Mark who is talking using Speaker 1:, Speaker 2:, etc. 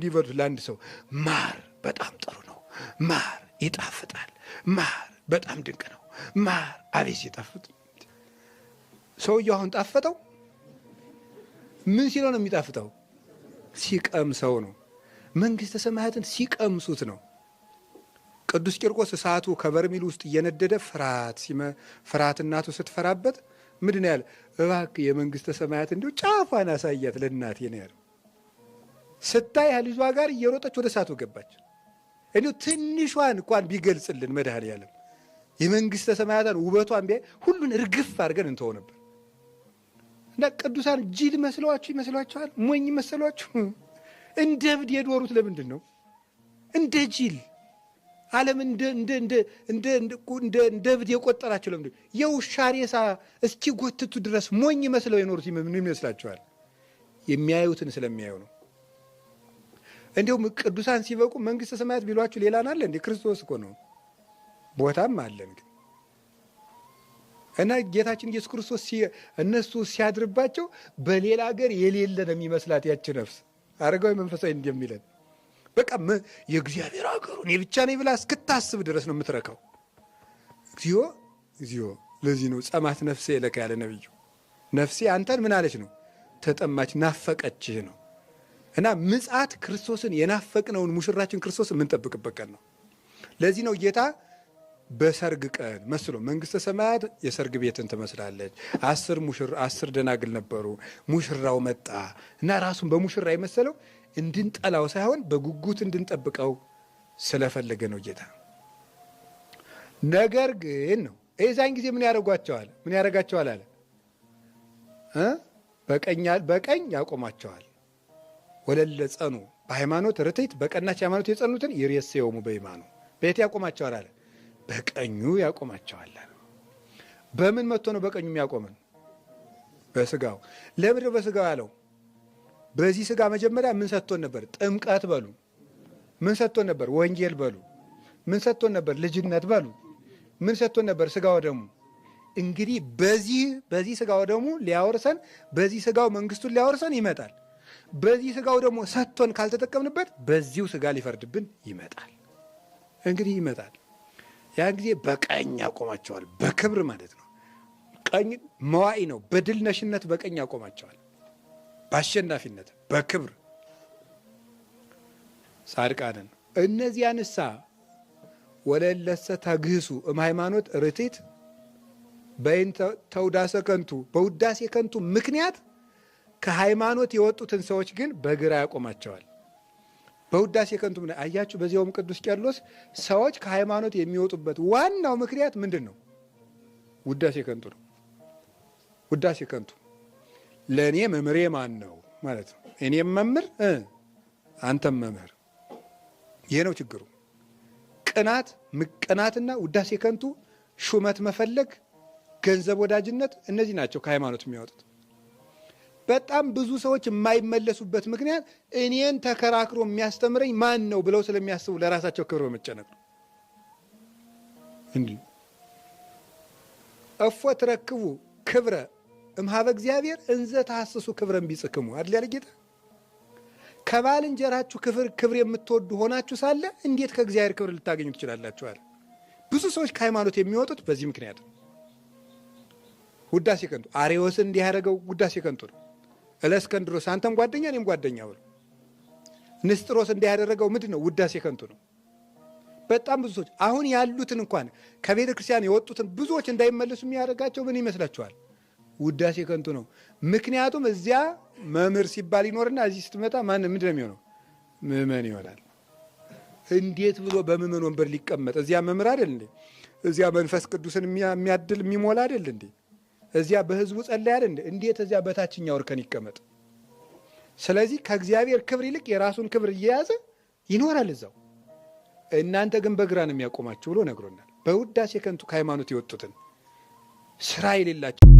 Speaker 1: እንዲበሉት ለአንድ ሰው ማር በጣም ጥሩ ነው። ማር ይጣፍጣል። ማር በጣም ድንቅ ነው። ማር አቤት ሲጣፍጥ! ሰውየው አሁን ጣፈጠው። ምን ሲለው ነው የሚጣፍጠው? ሲቀምሰው ነው። መንግሥተ ሰማያትን ሲቀምሱት ነው። ቅዱስ ቂርቆስ እሳቱ ከበርሚል ውስጥ እየነደደ ፍርሃት ፍርሃት እናቱ ስትፈራበት ምንድን ያለ እባክህ የመንግሥተ ሰማያት እንዲሁ ጫፏን አሳያት ለእናቴ ነው ያለው። ስታይ ከልጇ ጋር እየሮጠች ወደ እሳቱ ገባች። እንዲሁ ትንሿን እንኳን ቢገልጽልን መድኃኔዓለም የመንግሥተ ሰማያትን ውበቷን ቢያይ ሁሉን እርግፍ አድርገን እንተው ነበር እና ቅዱሳን ጅል መስለዋችሁ ይመስሏችኋል? ሞኝ መስሏችሁ? እንደ እብድ የኖሩት ለምንድን ነው? እንደ ጅል ዓለም እንደ እብድ የቆጠራቸው ለምንድን ነው? የውሻ ሬሳ እስኪጎትቱ ድረስ ሞኝ መስለው የኖሩት ይመስላችኋል? የሚያዩትን ስለሚያዩ ነው። እንዲሁም ቅዱሳን ሲበቁ መንግስተ ሰማያት ቢሏችሁ ሌላን አለ እንዴ? ክርስቶስ እኮ ነው። ቦታም አለን ግን እና ጌታችን ኢየሱስ ክርስቶስ እነሱ ሲያድርባቸው በሌላ ሀገር የሌለ ነው የሚመስላት ያች ነፍስ አረጋዊ መንፈሳዊ እንደሚለን በቃ የእግዚአብሔር ሀገሩ እኔ ብቻ ነኝ ብላ እስክታስብ ድረስ ነው የምትረካው። እግዚኦ እግዚኦ። ለዚህ ነው ጸማት ነፍሴ ለካ ያለ ነብዩ ነፍሴ አንተን ምን አለች ነው ተጠማች ናፈቀችህ ነው እና ምጽአት ክርስቶስን የናፈቅነውን ሙሽራችን ክርስቶስን የምንጠብቅበት ቀን ነው። ለዚህ ነው ጌታ በሰርግ ቀን መስሎ መንግስተ ሰማያት የሰርግ ቤትን ትመስላለች። አስር ሙሽራ አስር ደናግል ነበሩ፣ ሙሽራው መጣ እና ራሱን በሙሽራ የመሰለው እንድንጠላው ሳይሆን በጉጉት እንድንጠብቀው ስለፈለገ ነው ጌታ። ነገር ግን ነው የዛን ጊዜ ምን ያደርጓቸዋል? ምን ያደርጋቸዋል አለ በቀኝ ያቆማቸዋል ወለለ ጸኑ በሃይማኖት ርትዕት በቀናች ሃይማኖት የጸኑትን ይሬሴዮሙ በይማኑ በየት ያቆማቸዋል አለ። በቀኙ ያቆማቸዋል አለ። በምን መጥቶ ነው በቀኙ የሚያቆምን በስጋው። ለምድር በስጋው ያለው በዚህ ስጋ መጀመሪያ ምን ሰጥቶን ነበር? ጥምቀት በሉ። ምን ሰጥቶን ነበር? ወንጌል በሉ። ምን ሰጥቶን ነበር? ልጅነት በሉ። ምን ሰጥቶን ነበር? ስጋው ደሙ እንግዲህ በዚህ በዚህ ስጋው ደግሞ ሊያወርሰን በዚህ ስጋው መንግስቱን ሊያወርሰን ይመጣል። በዚህ ስጋው ደግሞ ሰጥቶን ካልተጠቀምንበት በዚሁ ስጋ ሊፈርድብን ይመጣል። እንግዲህ ይመጣል። ያን ጊዜ በቀኝ ያቆማቸዋል። በክብር ማለት ነው። ቀኝ መዋኢ ነው። በድል ነሽነት በቀኝ ያቆማቸዋል። በአሸናፊነት በክብር ጻድቃንን እነዚያንሳ ወለለሰ ተግህሱ እም ሃይማኖት ርቲት በይን ተውዳሰ ከንቱ በውዳሴ ከንቱ ምክንያት ከሃይማኖት የወጡትን ሰዎች ግን በግራ ያቆማቸዋል። በውዳሴ ከንቱም ላይ አያችሁ። በዚያውም ቅዱስ ቄርሎስ ሰዎች ከሃይማኖት የሚወጡበት ዋናው ምክንያት ምንድን ነው? ውዳሴ ከንቱ ነው። ውዳሴ ከንቱ ለእኔ መምህሬ ማን ነው ማለት ነው። እኔም መምህር አንተም መምህር። ይህ ነው ችግሩ። ቅናት፣ ምቅናትና ውዳሴ ከንቱ፣ ሹመት መፈለግ፣ ገንዘብ ወዳጅነት፣ እነዚህ ናቸው ከሃይማኖት የሚያወጡት። በጣም ብዙ ሰዎች የማይመለሱበት ምክንያት እኔን ተከራክሮ የሚያስተምረኝ ማን ነው ብለው ስለሚያስቡ ለራሳቸው ክብር በመጨነቅ ነው። እንዲህ እፎ ትረክቡ ክብረ እምሃበ እግዚአብሔር እንዘ ተሐስሱ ክብረን ቢጽክሙ አድል ያለ ጌታ ከባልንጀራችሁ ክብር ክብር የምትወዱ ሆናችሁ ሳለ እንዴት ከእግዚአብሔር ክብር ልታገኙ ትችላላችኋል? ብዙ ሰዎች ከሃይማኖት የሚወጡት በዚህ ምክንያት ነው። ውዳሴ ከንቱ አሬዎስን እንዲህ ያደረገው ውዳሴ ከንቱ ነው። እለእስከንድሮስ አንተም ጓደኛ እኔም ጓደኛ ብሎ ንስጥሮስ እንዳያደረገው ምንድን ነው? ውዳሴ ከንቱ ነው። በጣም ብዙ ሰዎች አሁን ያሉትን እንኳን ከቤተ ክርስቲያን የወጡትን ብዙዎች እንዳይመለሱ የሚያደርጋቸው ምን ይመስላችኋል? ውዳሴ ከንቱ ነው። ምክንያቱም እዚያ መምህር ሲባል ይኖርና እዚህ ስትመጣ ማን ምንድን ነው የሚሆነው? ምዕመን ይሆናል። እንዴት ብሎ በምዕመን ወንበር ሊቀመጥ? እዚያ መምህር አይደል እንዴ? እዚያ መንፈስ ቅዱስን የሚያድል የሚሞላ አይደል እንዴ? እዚያ በህዝቡ ጸለያል እንደ እንዴት እዚያ በታችኛው እርከን ይቀመጥ? ስለዚህ ከእግዚአብሔር ክብር ይልቅ የራሱን ክብር እየያዘ ይኖራል እዛው። እናንተ ግን በግራ ነው የሚያቆማችሁ ብሎ ነግሮናል። በውዳሴ ከንቱ ከሃይማኖት የወጡትን ስራ የሌላቸው